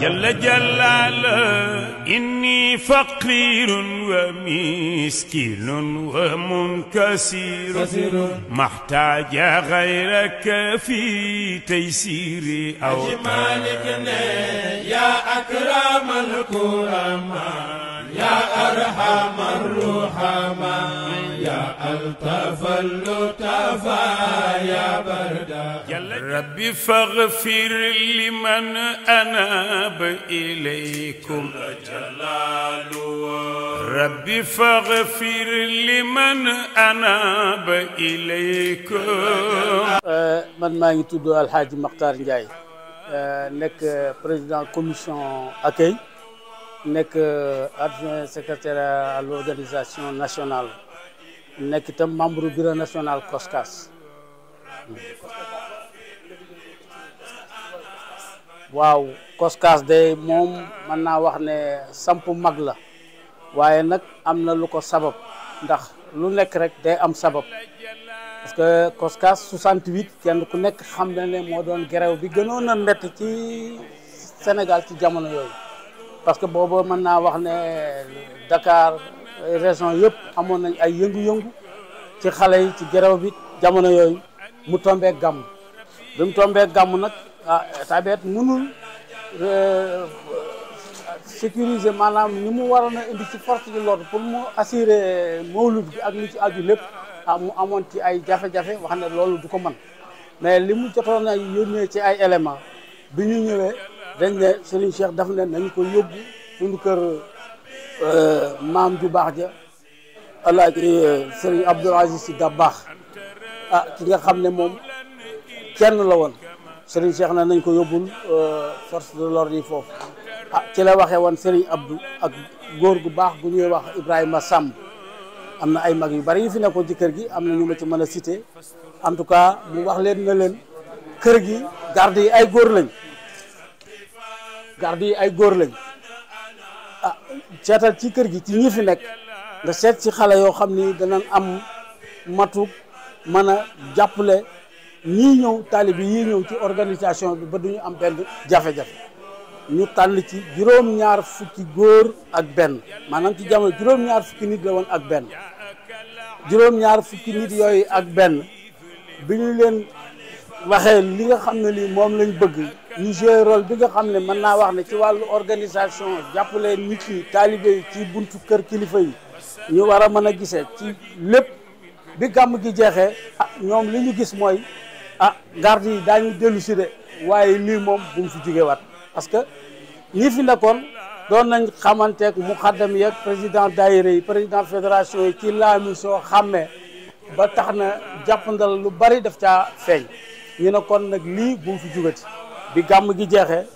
جل جلاله إني فقير ومسكين ومنكسر محتاج غيرك في تيسير أو أجمالك يا أكرم الكرماء يا أرحم الرحماء يا ألطف اللطفاء يا بني ربي فاغفر لمن أناب إليكم ربي فاغفر لمن أناب إليكم آه، من ما يتدو الحاج مختار جاي آه، نك بريزيدان كوميسيون أكي نك أدفين سكرتير الأورغانيزاسيون ناسيونال نك تم ممبرو بيرو ناسيونال كوسكاس waaw koskaas day moom mën naa wax ne samp mag la waaye nag am na lu ko sabab ndax lu nekk rek day am sabab parce que koskaas huit kenn ku nekk xam na ne moo doon grève bi gënoon a metti ci Sénégal ci jamono yooyu parce que booboo mën naa wax ne Dakar région yëpp amoon nañ ay yëngu-yëngu ci xale yi ci grève bi jamono yooyu mu tombee gàmm bi mu tombee gàmm nag ah munu bi mënul euh, sécuriser maanaam ni mu waroon a indi ci force de l'ordre pour mu assurer mawlud bi ak li ci aju lépp ah mu amoon ci ay jafe-jafe wax ne loolu du ko mën mais li mu jotoon a yónnee ci ay éléments bi ñu ñëwee dañ ne Serigne Cheikh daf ne nañ ko yóbbu suñu kër euh, maam ju baax ja alaaji euh, Serigne Abdoul Aziz Sy Dabakh ah ki nga xam ne moom kenn la woon Serigne Cheikh na nañ ko yóbbul euh, force de l'ordre yi foofu ah ci la waxee woon Serigne Abdou ak góor gu baax gu ñuy wax Ibrahima Samb am na ay mag yu bari yu fi nekkoon ci kër gi am na ñu ma ci mën a cité en tout cas mu wax leen na leen kër gi garde yi ay góor lañ garde yi ay góor lañ ah seetal ci kër gi ci ñi fi nekk nga seet ci xale yoo xam ni danañ am matuk mën a jàppale ñii ñëw taalibe yi ñëw ci organisation bi ba duñu am benn jafe-jafe ñu tànn ci juróom-ñaar fukki góor ak benn maanaam ci jamono juróom-ñaar fukki nit la woon ak benn juróom-ñaar fukki nit yooyu ak benn bi ñu leen waxee li nga xam ne lii moom lañ bëgg ñu joué rôle bi nga xam ne mën naa wax ne ci wàllu organisation jàpp leen yi taalibe yi ci buntu kër kilifa yi ñu war a mën a gisee ci lépp bi gàmm gi jeexee ah ñoom li ñu gis mooy ah garde yi daañu dellu de waaye lii moom bu mu fi jóge waat parce que ñi fi nekkoon doon nañ xamanteek mu xaddam yeeg président daayira yi président fédération yi ci laami soo xàmmee ba tax na jàpp jàppandal lu bari daf caa feeñ ñu ne nag lii bu mu fi jugati bi gàmm gi jeexee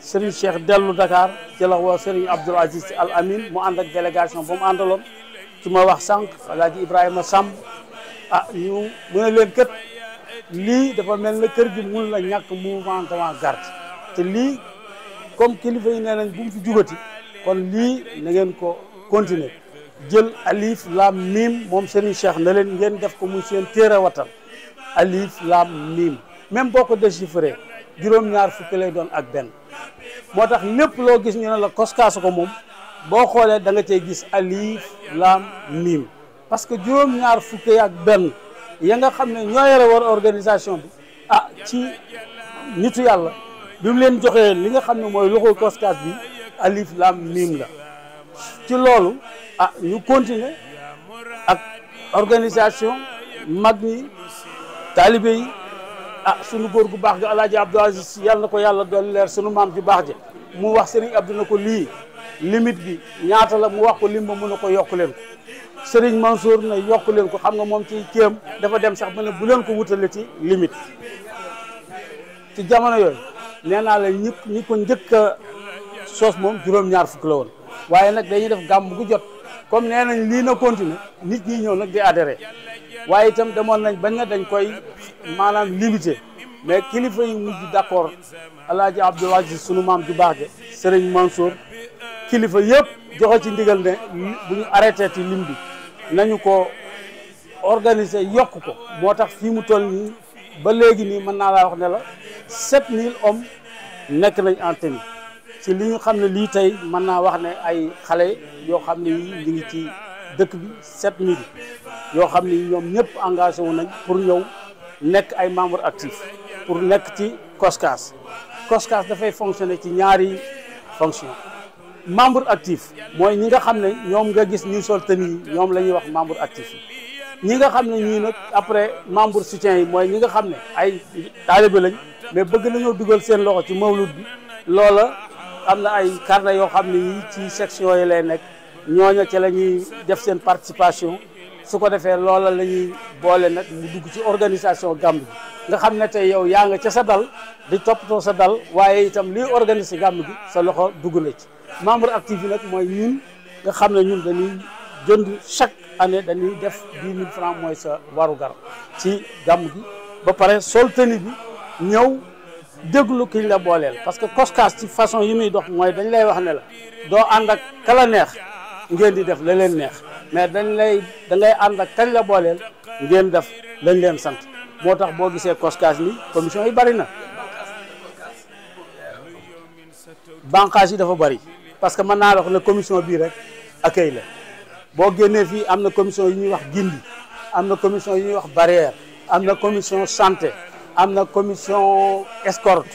Serigne Cheikh dellu Dakar ci wa woo Serigne Abdoul Aziz Al Amin mu ànd ak délégation ba mu àndaloon ci ma wax sànq Alaaji Ibrahima Samb ah ñu mu leen kët lii dafa mel ne kër gi mun la ñàkk mouvementement garde te lii comme kilifa yi nee nañ bu mu fi jugati kon lii na ngeen ko continuer jël alif laam miim moom Serigne Cheikh na leen ngeen def ko muy seen téere wattal alif laam miim même boo ko déchiffré juróom-ñaar fukki lay doon ak benn moo tax lépp loo gis ñu ne la koskaasu ko moom boo xoolee danga nga gis alif laam miim parce que juróom-ñaar fukki ak benn ya nga xam ne ñoo yore war organisation bi ah ci nitu yàlla bi mu leen joxee li nga xam ne mooy loxo koskaas bi alif lam miim la ci loolu ah ñu continuer ak organisation mag ñi taalibe yi ah sunu góor gu baax ga alaaji Abdou Aziz yàlla na ko yàlla doon leer sunu maam ju baax ja mu wax Serigne Abdou na ko lii limite bi ñaata la mu wax ko lim ba mun na ko yokk leen ko Serigne Mansour ne yokk leen ko xam nga moom ci ceem dafa dem sax ba ne bu leen ko wutale ci limit ci jamono yooyu nee naa la ñi ñi ko njëkk a sos moom juróom-ñaar fukk la woon waaye nag dañuy def gàmm gu jot comme nee nañ lii na continuer nit ñi ñëw nag di adhéré waaye tam demoon nañ bañ na dañ koy maanaam limité mais kilifa yi mujj d'accord alaaji Abdul ji sunu maam ju baax ge Serigne Mansour kilifa yëpp joxe ci ndigal ne bu ñu arrêté ci lim bi nañu ko organiser yokk ko moo tax fii mu toll nii ba léegi nii mën naa la wax ne la sept mille hommes nekk nañ en tenue ci li ñu xam ne lii tey mën naa wax ne ay xale yoo xam ne yi ñu ngi ci dëkk bi sept mille yoo xam ne ñoom ñëpp engagé wu nañ pour ñëw nekk ay membre actif pour nekk ci COSCAS COSCAS dafay fonctionner ci ñaari fonction membre actif mooy ñi nga xam ne ñoom nga gis ñuy sol tenue yi ñoom la ñuy wax membre actif yi ñi nga xam ne ñii nag après membre soutien yi mooy ñi nga xam ne ay taalibe lañ mais bëgg nañoo dugal seen loxo ci mawlud bi loola am na ay carnet yoo xam ne yii ci section yi lay nekk ñooña ca la ñuy def seen participation su ko defee loola la ñuy boole nag ñu dugg ci organisation gàmm gi nga xam ne tey yow yaa nga ca sa dal di topp toppatoo sa dal waaye itam liy organiser gàmm gi sa loxo dugg na ci membre actif yi nag mooy ñun nga xam ne ñun dañuy jënd chaque année dañuy def dix mille mooy sa warugar ci gàmm bi ba pare sol tenue bi ñëw déglu kiñ la booleel parce que koskaas ci façon yi muy dox mooy dañ lay wax ne la doo ànd ak kala neex ngeen di def la leen neex mais dañ lay da ngay ànd ak kañ la booleel ngeen def lañ leen sant moo tax boo gisee koskaas ni commission yi bari na banqaas yi dafa bari parce que mën naa wax ne commission bii rek accueil la boo génnee fii am na commission yu ñuy wax gindi am na commission yu ñuy wax barrière am na commission sante am na commission escort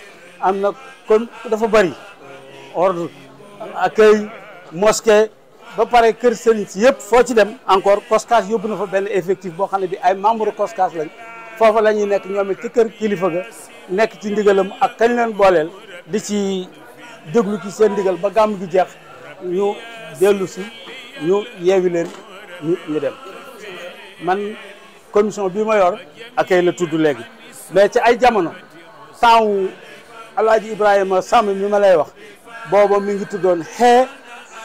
am na com dafa bari ordre accueil mosquée ba pare kër sëriñ si foo ci dem encore COSCAS yóbbu na fa benn effectif boo xam ne bi ay membre COSCAS lañ foofa la ñuy nekk ñoom it ci kër kilifa ga nekk ci ndigalam ak kañ leen booleel di ci déglu ci seen ndigal ba gàmm gi jeex ñu dellu si ñu yeewi ñu ñu dem man commission bi ma yor ak ay la tudd léegi mais ci ay jamono temps wu alaaji ibrahima sàmm mi ma lay wax booba mi ngi tuddoon xee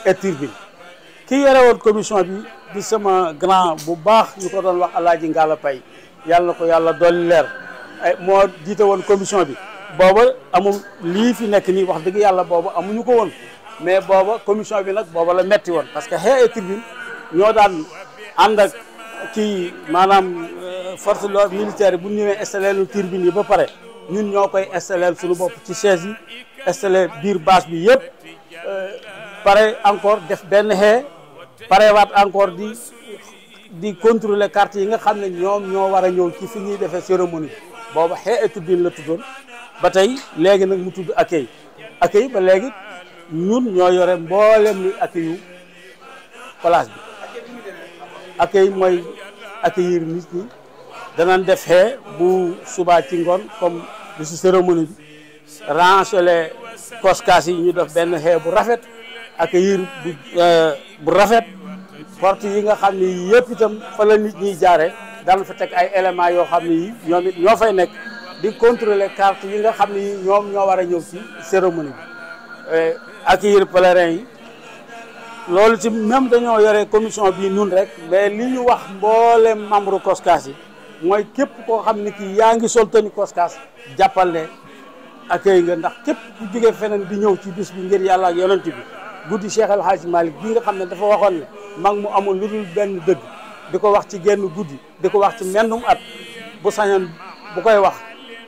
et ki yore woon commission bi di sama grand bu baax ñu ko doon wax Alaaji Ngalla Pay yàlla na ko yàlla dolli leer eh, moo jiite woon commission bi booba amu lii fi nekk nii wax dëgg yàlla booba amuñu ko woon mais booba commission bi nag booba la metti woon parce que xee et tribune ñoo daan ànd ak maanaam euh, force de l'ordre militaire yi bu ñu ñëwee installé lu tribune yi ba pare ñun ñoo koy installé suñu bopp ci chaise yi biir bâche bi yëpp euh, pare encore def benn xee parewaat encore di di contrôler carte yi nga xamné ñom ño wara ñew a ci fi ñuy defee cérémonie bobu xéetu bi la tudon batay légui nak mu tuddu akay akay ba légui ñun ño yoré mbolém ni accueil place bi akay moy accueillir nit ñi danañ def xee bu suba ci ngone comme bisu cérémonie bi rancelé koskaas yi ñu def ben xé bu rafet accueillir bu euh, bu rafet porte yi nga xam ni yëpp itam fa la nit ñiy jaare daan fa teg ay éléments yoo xam ni ñoom ñoo fay nekk di contrôler carte yi nga xam ni ñoom ñoo war a ñëw ci cérémonie bi euh, accueillir pèlerin yi loolu ci même dañoo yore commission bi nun rek mais li ñu wax mboolem membre COSCAS yi mooy képp koo xam ni ki yaa ngi sol tenue COSCAS jàppal ne accueil nga ndax képp ku jóge feneen bi ñëw ci bis bi ngir yàlla ak yonent bi guddi Cheikh El Hadj Malick bii nga xam ne dafa waxoon ne mag mu amul lu dul benn dëgg di ko wax ci genn guddi di ko wax ci mennum at bu sañoon bu koy wax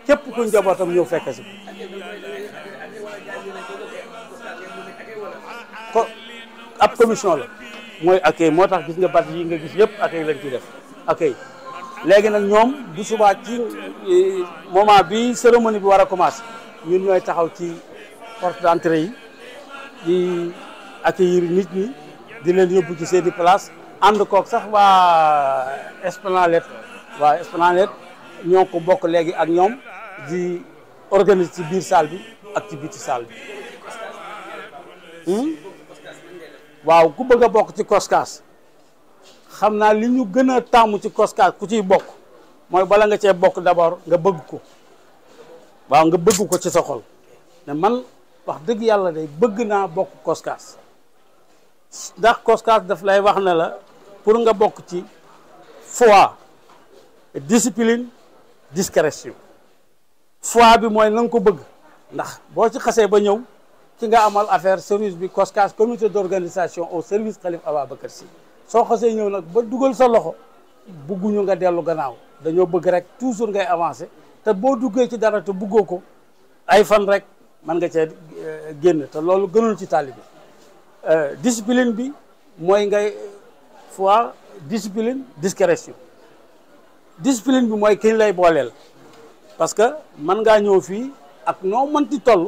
képp ku njabootam ñëw fekke si ko ab commission la mooy accueil moo tax gis nga bat yi nga gis yëpp accueil lañ ciy def accueil léegi nag ñoom bu subaa ci e, moment bi cérémonie bi war a commencé ñun ñooy taxaw ci porte d'entrée yi di accueillir nit ñi di leen yóbbu ci seen i place ànd koog sax waa Esplanade waa Esplanade ñoo ko bokk léegi ak ñoom di organiser ci biir saal bi ak ci bi hmm? waaw ku bëgg a bokk ci koskaas xam naa li ñu gën a tàmm ci koskaas ku ci bokk mooy bala nga cee bokk d'abord nga bëgg ko waaw nga bëgg ko ci sa ne man wax dëgg yàlla day bëgg naa bokk koskaas ndax koskaas daf lay wax ne la pour nga bokk ci foi discipline discrétion foi bi mooy na nga ko bëgg ndax boo ci xasee ba ñëw ci nga amal affaire service bi COSCAS comité d'organisation au service ba kër Sy soo xasee ñëw nag ba dugal sa loxo bugguñu nga dellu gannaaw dañoo bëgg rek toujours ngay avancé te boo duggee ci dara te buggoo ko ay fan rek man nga cee eh, génn te loolu gënul ci eh, discipline bi mooy ngay foi discipline discrétion discipline bi mooy kiñ lay booleel parce que man ngaa ñëw fii ak noo ti toll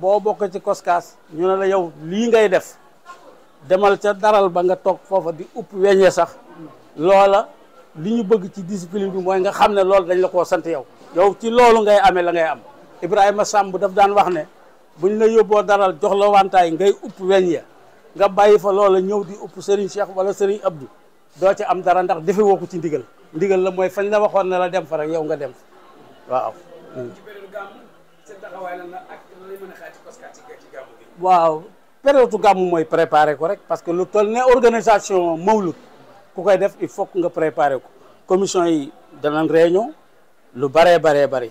boo bokk ci koskaas ñu ne la yow lii ngay def demal ca daral ba nga toog foofa di upp weññee sax loola li ñu bëgg ci discipline bi mooy nga xam ne loolu dañ la koo sant yow yow ci loolu ngay amee la ngay am Ibrahima Samb daf daan wax ne buñ la yóbboo daral jox la wantaay ngay upp weñ ya nga bàyyi fa loola ñëw di upp Serigne Cheikh wala Serigne Abdou doo ci am dara ndax defe woo ko ci ndigal ndigal la mooy fañ la waxoon ne la dem fa rek yow nga dem fa waaw. waaw gàmm mooy préparer ko rek parce que lu toll ne organisation mawlud ku koy def il faut que nga préparer ko commission yi danañ réunion lu baree baree bari.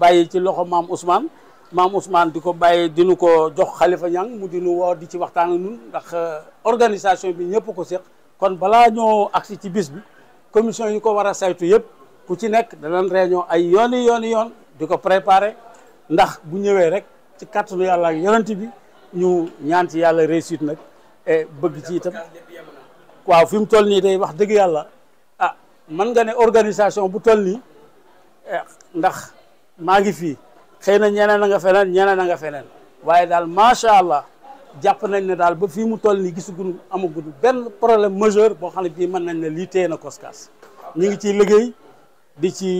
bàyyi ci loxo maam Ousmane maam Ousmane di ko bàyyi dinu ko jox xalifa Niang mu dinu woo di ci waxtaan ak ñun ndax euh, organisation bi ñëpp ko séq kon balaa ñoo agsi ci bis bi commission yi ko war a saytu yëpp ku ci nekk danañ réunion ay yooni yooni yoon di ko préparer ndax bu ñëwee rek ci kàttanu yàlla ak yonent bi ñu ñaan yàlla réussite nag e bëgg ci itam waaw fi mu toll nii day wax dëgg yàlla ah mën nga ne organisation bu toll nii eh, ndax maa ngi fii xëy na ñeneen a nga feneen ñeneen a nga feneen waaye daal macha allah jàpp nañ ne daal ba fii mu toll nii gisaguñu amaguñu benn problème majeur boo xam ne bii mën nañ ne lii téye na Coskas ñu ngi ciy liggéey di ci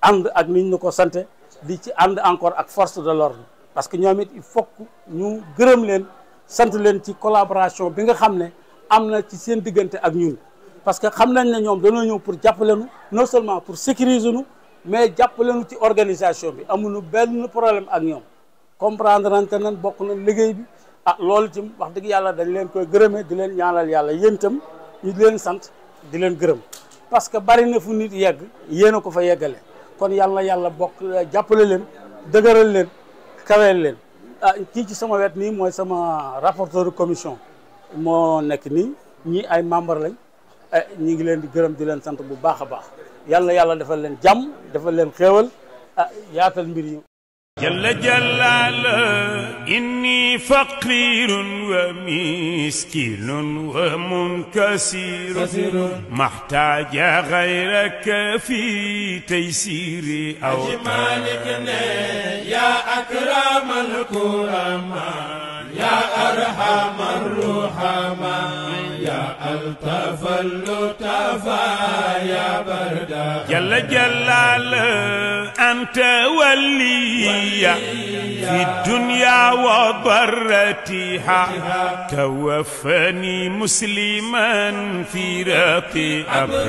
ànd ak niñ ñu ko sante di ci ànd encore ak force de l'ordre parce que ñoom it il faut ñu gërëm leen sant leen ci collaboration bi nga xam ne am na ci seen diggante ak ñun parce que xam nañ ne ñoom dañoo ñëw pour jàppale nu non seulement pour sécuriser nu mais jàppalenu ci organisation bi amuñu benn problème ak ñoom comprendre nante nan bokk na liggéey bi ah loolu itam wax dëgg yàlla dañ leen koy gërëmee di leen ñaanal yàlla yéen itam ñu di leen sant di leen gërëm parce que bari na fu nit yegg yéen a ko fa yeggale kon yàlla na yàlla bokk euh, jàppale leen dëgëral leen kaweel leen ah kii ci sama wet nii mooy sama rapporteur commission moo nekk nii ñii ay membre lañ eh, ñu ngi leen di gërëm di leen sant bu baax a baax يلا يلا دفل لن جم دفل لن خيول ياتل مريم جل جلال إني فقير ومسكين ومنكسر محتاج غيرك في تيسير أو مالك يا أكرم الكرام يا أرحم الرحمن الطف اللطفا يا بردا جل جلال أنت ولي في الدنيا وضرتها توفني مسلما في رقي أبرا